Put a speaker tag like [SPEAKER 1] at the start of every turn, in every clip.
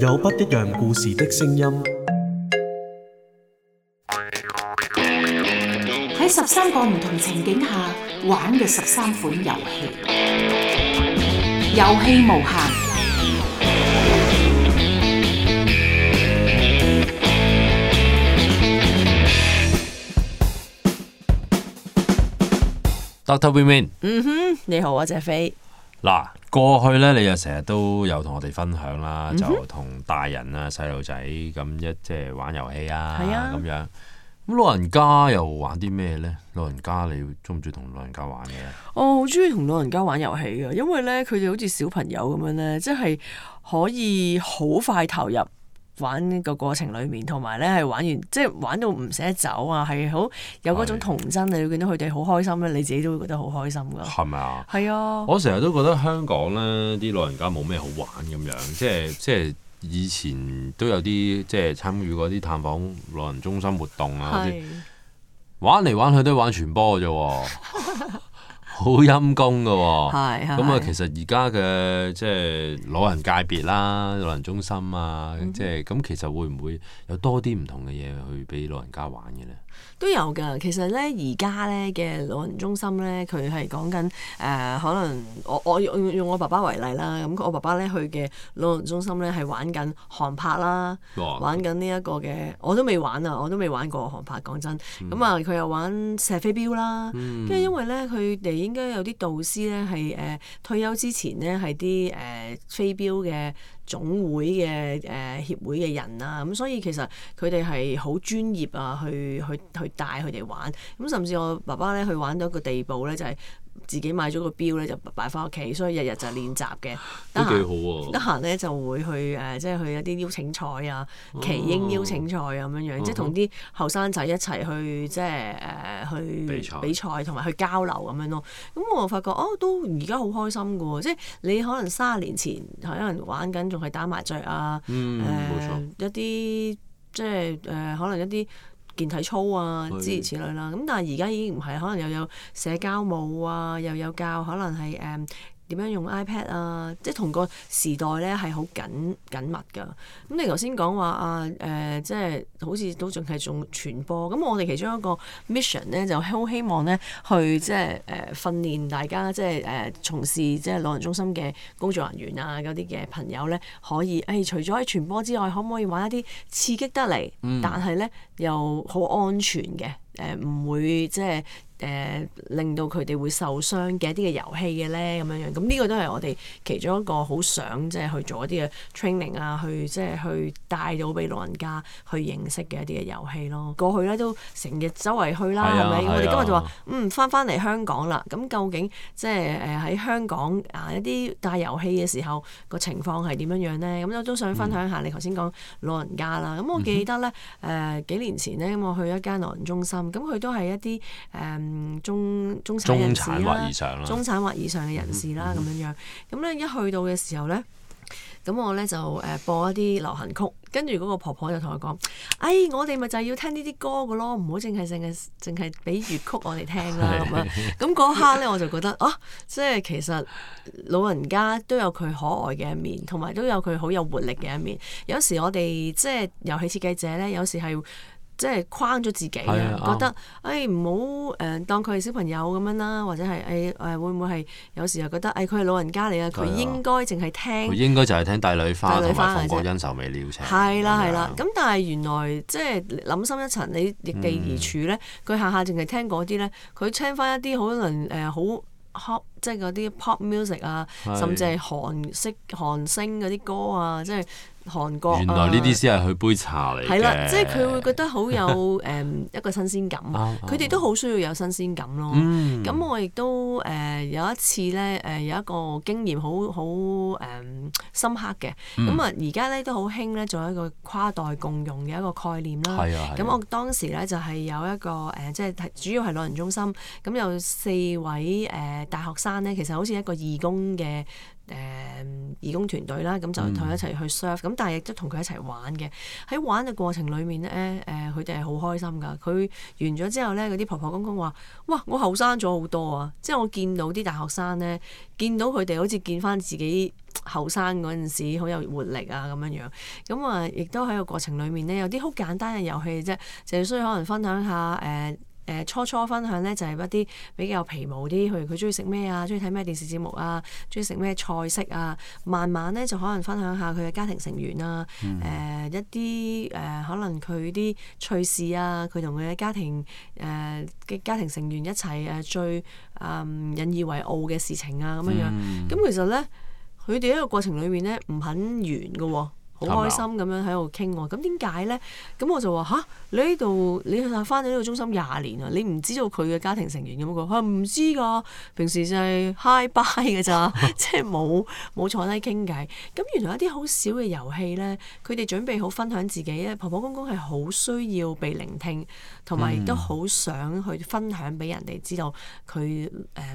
[SPEAKER 1] 有不一樣故事的聲音，
[SPEAKER 2] 喺十三個唔同情景下玩嘅十三款遊戲，遊戲無限。
[SPEAKER 1] Doctor Women，
[SPEAKER 2] 嗯哼，你好啊，謝飛。
[SPEAKER 1] 嗱，過去咧，你又成日都有同我哋分享啦，嗯、哼就同大人啊、細路仔咁一即係玩遊戲啊係啊、咁樣。咁老人家又玩啲咩咧？老人家你鍾唔鍾意同老人家玩嘅？
[SPEAKER 2] 我好鍾意同老人家玩遊戲嘅，因為咧佢哋好似小朋友咁樣咧，即係可以好快投入。玩個過程裏面，同埋咧係玩完，即係玩到唔捨得走啊，係好有嗰種童真是你你見到佢哋好開心咧，你自己都會覺得好開心㗎。係咪吧啊？係啊！我
[SPEAKER 1] 成日都覺得香港咧啲老人家冇咩好玩咁樣，即係即係以前都有啲即係參與過啲探訪老人中心活動啊啲，是玩嚟玩去都玩傳波㗎啫喎。 好陰功㗎喎，咁啊、哦，嗯、其實而家嘅即係老人界別啦，老人中心啊，即係咁，其實會唔會有多啲唔同嘅嘢去俾老人家玩嘅咧？
[SPEAKER 2] 都有㗎，其實咧而家咧嘅老人中心咧，佢係講緊誒，可能我我，我用我爸爸為例啦，咁我爸爸咧去嘅老人中心咧係玩緊航拍啦，啊、玩緊呢一個嘅我都未玩啊，我都未玩過航拍，講真。咁啊、嗯，佢又玩射飛鏢啦，跟、嗯、住、嗯嗯、因為咧佢哋應該有啲導師咧係誒退休之前咧係啲誒飛鏢嘅。總會嘅誒協會嘅人啦，咁所以其實佢哋係好專業啊，去去去帶佢哋玩，咁甚至我爸爸咧去玩到一個地步咧，就係，自己買咗個錶咧，就擺翻屋企，所以日日就練習嘅。都幾好喎！得閒咧就會去誒、呃，即係去一啲邀請賽啊，奇英邀請賽咁、啊、樣、啊、樣，即係同啲後生仔一齊去，即係誒、呃、去比賽、同埋去交流咁樣咯。咁、嗯、我發覺哦，都而家好開心嘅喎，即係你可能卅年前可能玩緊，仲係打麻雀啊，冇錯、誒、嗯呃、一啲即係誒、呃、可能一啲。健體操啊，諸如此類啦、啊。咁但係而家已經唔係。可能又有社交舞啊，又有教可能係誒。Um, 點樣用 iPad 啊？即係同個時代咧係好緊緊密㗎。咁你頭先講話啊誒、呃，即係好似都仲係仲傳播。咁我哋其中一個 mission 咧，就好希望咧，去即係誒、呃、訓練大家，即係誒、呃、從事即係老人中心嘅工作人員啊嗰啲嘅朋友咧，可以誒、哎、除咗喺傳播之外，可唔可以玩一啲刺激得嚟，嗯、但係咧又好安全嘅誒？呃、唔會即係。誒令到佢哋會受傷嘅一啲嘅遊戲嘅咧，咁樣樣，咁呢個都係我哋其中一個好想即係、就是、去做一啲嘅 training 啊，就是、去即係去帶到俾老人家去認識嘅一啲嘅遊戲咯。過去咧都成日周圍去啦，係咪？我哋今日就話、啊、嗯翻翻嚟香港啦。咁究竟即係誒喺香港啊一啲帶遊戲嘅時候個情況係點樣樣咧？咁我都想分享下、嗯、你頭先講老人家啦。咁我記得咧誒、嗯哼呃、幾年前咧，我去一間老人中心，咁佢都係一啲誒。嗯嗯嗯嗯，中中產中產或以上嘅人士啦，咁樣、嗯嗯、樣。咁咧，一去到嘅時候咧，咁我咧就誒播一啲流行曲，跟住嗰個婆婆就同佢講，哎，我哋咪就要聽呢啲歌噶咯，唔好淨係淨係，淨係俾粵曲我哋聽啦。咁 樣，咁嗰刻咧，我就覺得哦、啊，即係其實老人家都有佢可愛嘅一面，同埋都有佢好有活力嘅一面。有時我哋即係遊戲設計者咧，有時係。即係框咗自己啊，覺得誒唔好誒當佢係小朋友咁樣啦，或者係誒誒會唔會係有時候覺得誒佢係老人家嚟啊，佢的應該淨係聽。佢
[SPEAKER 1] 應該就係聽《帝女花》、《鳳閣恩仇未了情》啊。係啦係啦，
[SPEAKER 2] 咁、啊、但係原來即係諗深一層，你逆地而處咧，佢下下淨係聽嗰啲咧，佢聽翻一啲可能誒好 pop，即係嗰啲 pop music 啊，甚至係韓式韓星嗰啲歌啊，即係。即韓國、啊、原來呢啲
[SPEAKER 1] 先係佢杯茶嚟嘅。係啦，即係佢會覺得好有
[SPEAKER 2] 誒 一個新鮮感，佢哋 都好需要有新鮮感咯。咁、嗯、我亦都誒、呃、有一次咧誒、呃、有一個經驗好好誒深刻嘅。咁啊而家咧都好興咧做一個跨代共用嘅一個概念啦。咁我當時咧就係、是、有一個誒即係主要係老人中心，咁有四位誒、呃、大學生咧，其實好似一個義工嘅。誒、呃、義工團隊啦，咁就同佢一齊去 serve，咁、嗯、但係亦都同佢一齊玩嘅。喺玩嘅過程裡面咧，誒佢哋係好開心噶。佢完咗之後咧，嗰啲婆婆公公話：「哇，我後生咗好多啊！即係我見到啲大學生咧，見到佢哋好似見翻自己後生嗰陣時，好有活力啊咁樣樣。咁、嗯、啊，亦、呃、都喺個過程裡面咧，有啲好簡單嘅遊戲啫，就係需要可能分享下誒。呃呃、初初分享呢，就係、是、一啲比較皮毛啲，譬如佢中意食咩啊，中意睇咩電視節目啊，中意食咩菜式啊。慢慢呢，就可能分享下佢嘅家庭成員啊，誒、嗯呃、一啲誒、呃、可能佢啲趣事啊，佢同佢嘅家庭誒嘅、呃、家庭成員一齊誒、啊、最、呃、引以為傲嘅事情啊咁樣樣。咁、嗯、其實呢，佢哋喺個過程裏面呢，唔肯完嘅喎、哦。好開心咁樣喺度傾喎，咁點解呢？咁我就話吓，你呢度你去翻咗呢度中心廿年啊，你唔知道佢嘅家庭成員咁、啊、個，佢唔知㗎、啊，平時就係 high bye 㗎咋， 即係冇冇坐低傾偈。咁原來一啲好少嘅遊戲呢，佢哋準備好分享自己咧。婆婆公公係好需要被聆聽，同埋都好想去分享俾人哋知道佢誒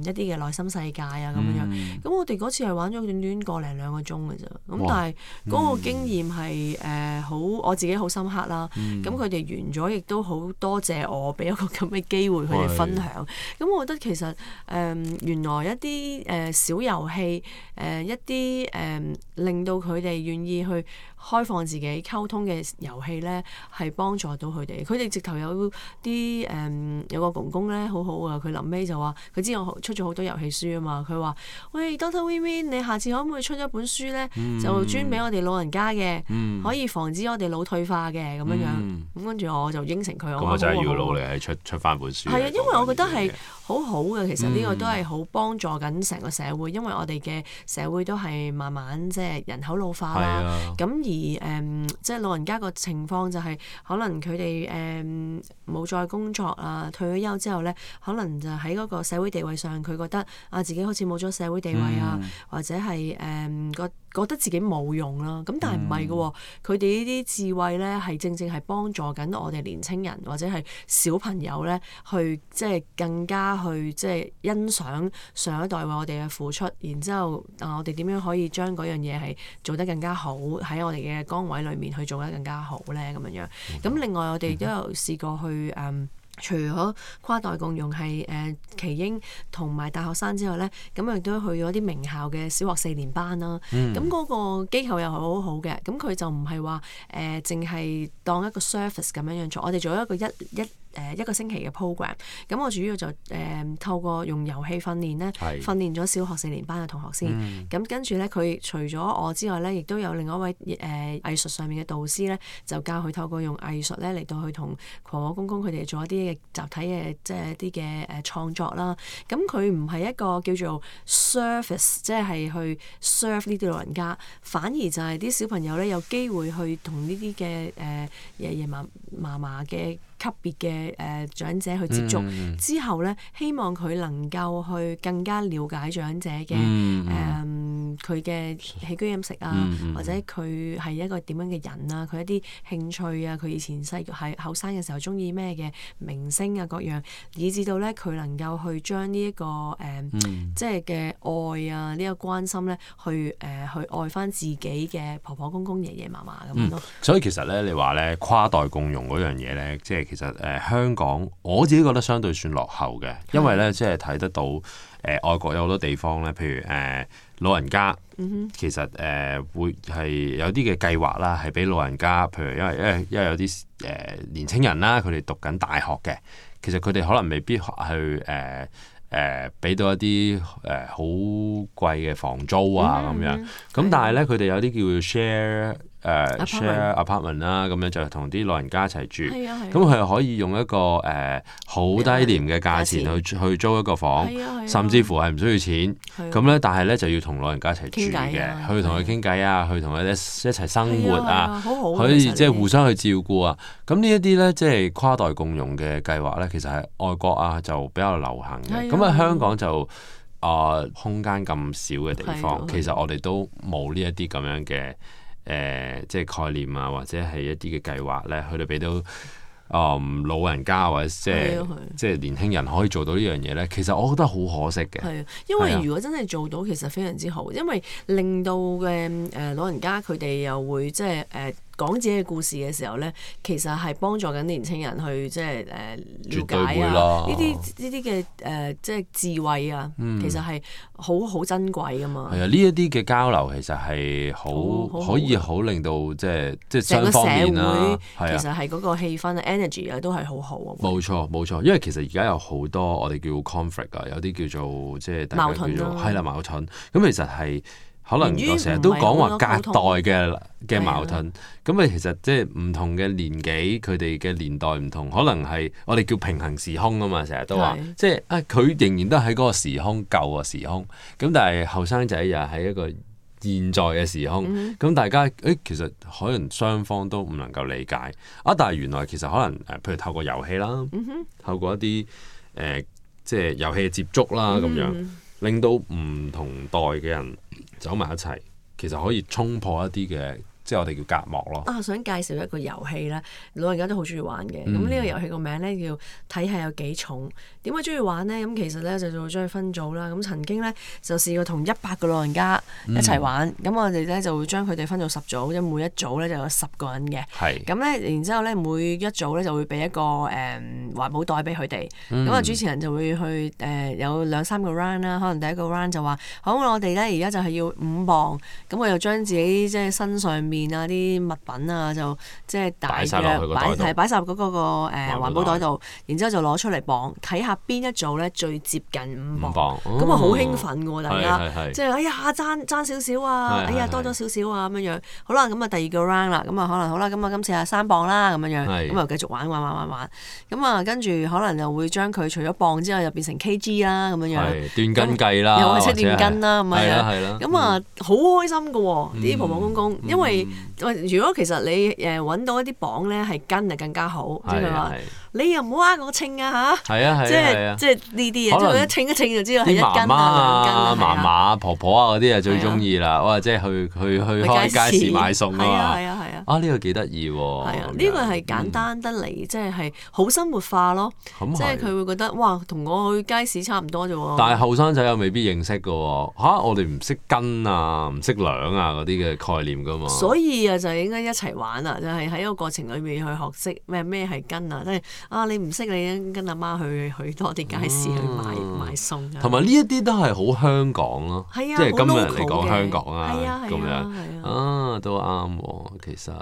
[SPEAKER 2] 一啲嘅內心世界啊咁樣。咁、嗯、我哋嗰次係玩咗短短個零兩個鐘嘅啫。咁但係嗰個經經驗係誒好，我自己好深刻啦。咁佢哋完咗，亦都好多謝我俾一個咁嘅機會，佢哋分享。咁是我覺得其實誒、呃、原來一啲誒、呃、小遊戲誒、呃、一啲誒、呃、令到佢哋願意去開放自己溝通嘅遊戲咧，係幫助到佢哋。佢哋直頭有啲誒、嗯，有個公公咧，好好啊！佢臨尾就話：佢知我出咗好多遊戲書啊嘛，佢話：喂、hey，Doctor Winnie 你下次可唔可以出一本書咧？嗯、就專俾我哋老人家嘅，嗯、可以防止我哋腦退化嘅咁樣樣。咁、嗯、跟住我就應承佢。咁啊、嗯，真係要努力
[SPEAKER 1] 係出出翻本書。係啊對，因
[SPEAKER 2] 為我覺得係。好好嘅，其實呢個都係好幫助緊成個社會，因為我哋嘅社會都係慢慢即係人口老化啦。咁、啊、而誒即係老人家個情況就係、是、可能佢哋誒冇再工作啊，退咗休之後咧，可能就喺嗰個社會地位上，佢覺得啊自己好似冇咗社會地位啊，嗯、或者係誒、嗯、個。覺得自己冇用啦，咁但係唔係嘅喎，佢哋呢啲智慧咧，係正正係幫助緊我哋年青人或者係小朋友咧，去即係更加去即係欣賞上一代為我哋嘅付出，然之後啊、呃，我哋點樣可以將嗰樣嘢係做得更加好，喺我哋嘅崗位裏面去做得更加好咧咁樣樣，咁另外我哋都有試過去嗯哼。嗯除咗跨代共用係誒奇英同埋大學生之外咧，咁亦都去咗啲名校嘅小學四年班啦。咁、嗯、個機構又好好嘅，咁佢就唔係話誒淨係當一個 service 咁樣樣做，我哋做一個一一。誒一個星期嘅 program，咁我主要就誒、呃、透過用遊戲訓練咧，是訓練咗小學四年班嘅同學先。咁、嗯、跟住咧，佢除咗我之外咧，亦都有另外一位誒、呃、藝術上面嘅導師咧，就教佢透過用藝術咧嚟到去同婆婆公公佢哋做一啲嘅集體嘅即係一啲嘅誒創作啦。咁佢唔係一個叫做 service，即係去 serve 呢啲老人家，反而就係啲小朋友咧有機會去同呢啲嘅誒爺爺嫲嫲嫲嘅。級別嘅誒長者去接觸、Mm-hmm. 之後咧，希望佢能夠去更加了解長者嘅誒。Mm-hmm. um, 佢嘅起居飲食啊，嗯、或者佢係一個點樣嘅人啊，佢、嗯、一啲興趣啊，佢以前細係後生嘅時候中意咩嘅明星啊，各樣，以至到咧佢能夠去將呢、這、一個誒，嗯嗯、即係嘅愛啊，呢、這個關心咧，去誒、呃、去愛翻自己嘅婆婆公公、爺爺嫲嫲咁咯。
[SPEAKER 1] 所以其實咧，你話咧跨代共融嗰樣嘢咧，即係其實誒、呃、香港，我自己覺得相對算落後嘅，因為咧的即係睇得到誒外、呃、國有好多地方咧，譬如誒。老人家、mm hmm. 其實誒、呃、會係有啲嘅計劃啦，係俾老人家，譬如因為因為因為有啲誒、呃、年輕人啦，佢哋讀緊大學嘅，其實佢哋可能未必去誒誒俾到一啲誒好貴嘅房租啊咁、mm hmm. 樣，咁但係咧佢哋有啲叫 share。誒 share apartment 啦，咁樣就同啲老人家一齊住。咁佢可以用一個誒好低廉嘅價錢去去租一個房，甚至乎係唔需要錢。咁咧，但係咧就要同老人家一齊住嘅，去同佢傾偈啊，去同佢哋一齊生活啊，可以即係互相去照顧啊。咁呢一啲咧，即係跨代共用嘅計劃咧，其實係外國啊就比較流行嘅。咁啊，香港就啊空間咁少嘅地方，其實我哋都冇呢一啲咁樣嘅。誒、呃，即係概念啊，或者係一啲嘅計劃咧，佢哋俾到啊、呃、老人家或者即係即係年輕人可以做到呢樣嘢咧，其實我覺得好可惜嘅。係啊，
[SPEAKER 2] 因為如果真係做到，其實非常之好，因為令到嘅誒、呃、老人家佢哋又會即係誒。呃講自己嘅故事嘅時候咧，其實係幫助緊年青人去即係誒了解啊！呢啲呢啲嘅誒即係智慧啊，嗯、其實係好好珍貴㗎嘛。係啊，呢
[SPEAKER 1] 一啲嘅交流其實係、哦、好可以好令到即係即係雙方面啦、啊。成個社會其實
[SPEAKER 2] 係嗰個氣氛、啊、的 energy 啊都係好好啊。
[SPEAKER 1] 冇錯冇錯，因為其實而家有好多我哋叫 conflict 啊，有啲叫做即係矛盾咗，係啦矛盾。咁其實係。可能成日都講話隔代嘅嘅矛盾，咁啊、嗯、其實即係唔同嘅年紀，佢哋嘅年代唔同，可能係我哋叫平行時空啊嘛，成日都話是即係啊，佢仍然都喺嗰個時空舊個時空，咁但係後生仔又喺一個現在嘅時空，咁、嗯、哼大家誒、哎、其實可能雙方都唔能夠理解啊，但係原來其實可能誒，譬如透過遊戲啦，嗯、哼透過一啲誒、呃、即係遊戲嘅接觸啦咁、嗯、哼樣。令到唔同代嘅人走埋一齊，其實可以衝破一啲嘅。即係我哋叫隔膜咯。
[SPEAKER 2] 啊，想介紹一個遊戲啦,老人家都好中意玩嘅。咁呢、嗯、個遊戲個名咧叫睇下有幾重。點解中意玩咧？咁其實咧就就中意分組啦。咁曾經咧就試過同一百個老人家一齊玩。咁、嗯、我哋咧就會將佢哋分做十組，即係每一組咧就有十個人嘅。係是。咁咧，然之後咧每一組咧就會俾一個誒、嗯、環保袋俾佢哋。咁啊、嗯，主持人就會去誒、呃、有兩三個 round 啦。可能第一個 round 就話好，我哋咧而家就係要五磅。咁我又將自己即係身上面。啲物品啊，就即係擺曬落，係擺曬入嗰個環保袋度，然之後就攞出嚟磅，睇下邊一組咧最接近五磅，
[SPEAKER 1] 咁啊好興奮
[SPEAKER 2] 喎大家，即係哎呀爭爭少少啊，哎呀多咗少少啊咁樣樣，好啦咁啊第二個 round 啦，咁啊可能好啦，咁啊今次啊三磅啦咁樣樣，咁啊繼續玩玩玩玩玩，咁啊跟住可能又會將佢除咗磅之後又變成 kg 啦咁樣樣，
[SPEAKER 1] 斷斤計啦，又係出斷斤啦咁啊，咁啊
[SPEAKER 2] 好開心嘅喎啲婆婆公公，因為喂，如果其實你誒揾到一啲榜咧，係跟就更加好，即係話。你又唔好呃我稱啊嚇！即係即係呢啲嘢，即係稱一稱就知道係一斤啊。啲媽媽啊、媽媽、
[SPEAKER 1] 婆婆啊嗰啲啊最中意啦。我話即係去去去街市買餸啊嘛。啊呢個幾得意喎！
[SPEAKER 2] 係啊，呢個係簡單得嚟，即係係好生活化咯。即係佢會覺得哇，同我去街市差唔多啫喎。但係後
[SPEAKER 1] 生仔又未必認識嘅喎嚇，我哋唔識斤啊、唔識兩啊嗰啲嘅概念嘅嘛。所
[SPEAKER 2] 以啊，就應該一齊玩啦，就係喺一個過程裏面去學識咩咩係斤啊，即係。啊！你唔識你跟阿媽，媽去去多啲街市、啊、去買買餸、啊，
[SPEAKER 1] 同埋呢一啲都係好香港咯，即係今日嚟講香港啊咁樣啊，啊，啊都啱、啊、其實。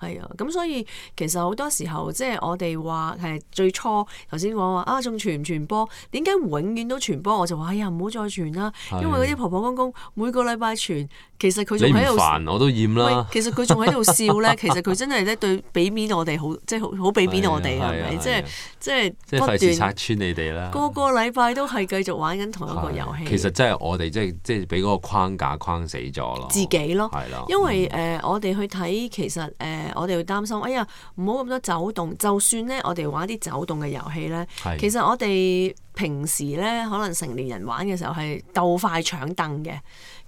[SPEAKER 2] 係啊，咁所以其實好多時候，即係我哋話係最初頭先講話啊，仲傳唔傳波？點解永遠都傳波？我就話：哎呀，唔好再傳啦！因為嗰啲婆婆公公每個禮拜傳，其實佢仲喺度。煩
[SPEAKER 1] 我都厭啦。其實佢仲喺度笑咧，其實
[SPEAKER 2] 佢真係咧對畀面我哋好，即係好好畀面我哋嘅，係咪？即係即係不斷拆
[SPEAKER 1] 穿你哋啦。個
[SPEAKER 2] 個禮拜都係繼續玩緊同一個遊戲。其
[SPEAKER 1] 實真係我哋即係即係俾嗰個框架框死咗咯。自
[SPEAKER 2] 己咯，係因為誒我哋去睇其實誒。我哋會擔心，哎呀，唔好咁多走動。就算咧，我哋玩啲走動嘅遊戲咧，是其實我哋平時咧，可能成年人玩嘅時候係鬥快搶凳嘅。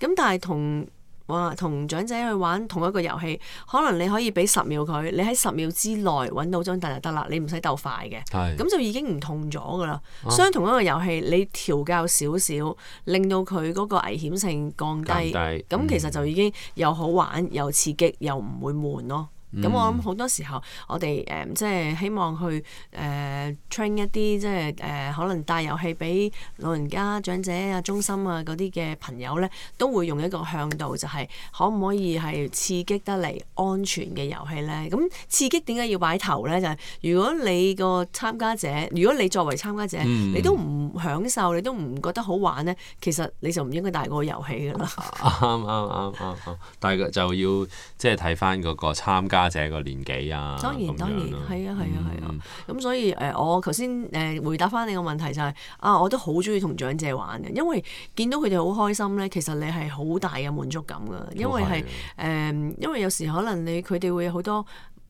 [SPEAKER 2] 咁但係同話同長者去玩同一個遊戲，可能你可以俾十秒佢，你喺十秒之內搵到張凳就得啦，你唔使鬥快嘅。咁是就已經唔同咗㗎啦。啊、相同一個遊戲，你調教少少，令到佢嗰個危險性降低，咁、嗯、其實就已經又好玩又刺激又唔會悶咯。咁我諗好多時候，我哋誒即係希望去誒 train 一啲即係誒可能帶遊戲俾老人家、長者啊、中心啊嗰啲嘅朋友咧，都會用一個向度，就係可唔可以係刺激得嚟安全嘅遊戲咧？咁刺激點解要擺頭咧？就係如果你個參加者，如果你作為參加者，你都唔享受，你都唔覺得好玩咧，其實你就唔應該帶嗰個遊戲㗎啦。
[SPEAKER 1] 啱啱啱啱啱，但係就要即係睇翻嗰個參加。家姐個年紀啊，當
[SPEAKER 2] 然、啊、當然係啊係啊係啊，咁、啊啊啊嗯、所以誒、呃，我頭先誒回答翻你個問題就係、是、啊，我都好中意同長者玩嘅，因為見到佢哋好開心咧，其實你係好大嘅滿足感㗎，因為係誒、啊呃，因為有時可能你佢哋會有好多。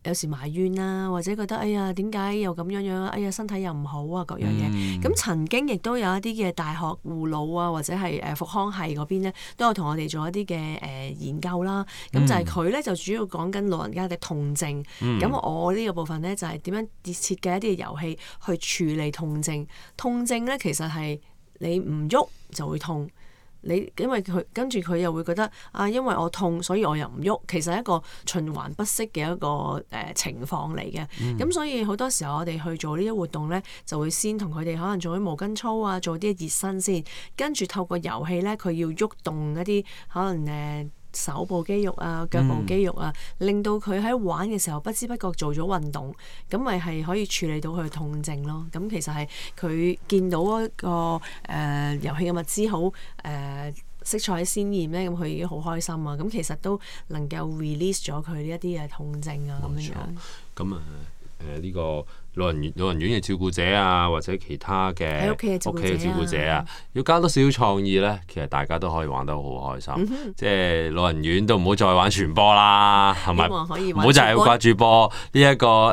[SPEAKER 2] 有時埋怨啦、啊，或者覺得哎呀點解又咁樣樣？哎呀身體又唔好啊，各樣嘢咁、嗯、曾經亦都有一啲嘅大學護老啊，或者係誒、呃、復康系嗰邊咧，都有同我哋做一啲嘅誒研究啦。咁就係佢咧，就主要講緊老人家嘅痛症。咁、嗯、我呢個部分咧就係、是、點樣設設計一啲遊戲去處理痛症？痛症咧其實係你唔喐就會痛。你因為佢跟住佢又會覺得啊，因為我痛，所以我又唔喐。其實係一個循環不息嘅一個誒、呃、情況嚟嘅。咁、嗯、所以好多時候我哋去做呢啲活動咧，就會先同佢哋可能做啲毛巾操啊，做啲熱身先。跟住透過遊戲咧，佢要喐動，動一啲可能誒、呃、手部肌肉啊、腳部肌肉啊，嗯、令到佢喺玩嘅時候不知不覺做咗運動，咁咪係可以處理到佢嘅痛症咯。咁、嗯、其實係佢見到一、那個誒、呃、遊戲嘅物資好誒、呃色彩鮮豔咧，咁佢已經好開心啊！咁其實都能夠 release 咗佢呢一啲嘅痛症啊，咁樣錯樣。
[SPEAKER 1] 咁啊～、uh 誒呢、呃，這個老人院，老人院嘅照顧者啊，或者其他嘅屋企嘅照顧者啊，者啊的要加多少少創意咧？其實大家都可以玩得好開心，即係 老人院都唔好再玩傳波啦，係咪？唔好、啊、就係要掛住波呢一個誒誒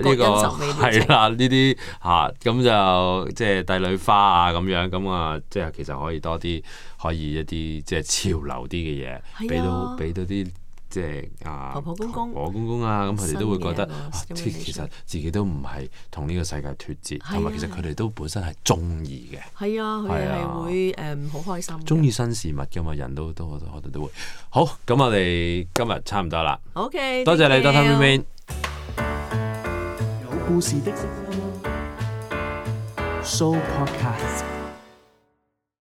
[SPEAKER 1] 呢個係啦，呢啲嚇咁就即係帝女花啊咁樣咁啊，即係其實可以多啲可以一啲即係潮流啲嘅嘢，俾到俾到啲。即係啊，婆婆公公，我公公啊，咁佢哋都會覺得，即、啊、其實自己都唔係同呢個世界脫節，同埋、啊、其實佢哋都本身係中意嘅。係啊，佢哋
[SPEAKER 2] 係會 um, 好開心。中
[SPEAKER 1] 意新事物嘅嘛，人都都我都我都會。好，咁我哋今日差唔多啦。
[SPEAKER 2] OK，多謝你，thank you. 多睇邊邊。有故
[SPEAKER 1] 事的。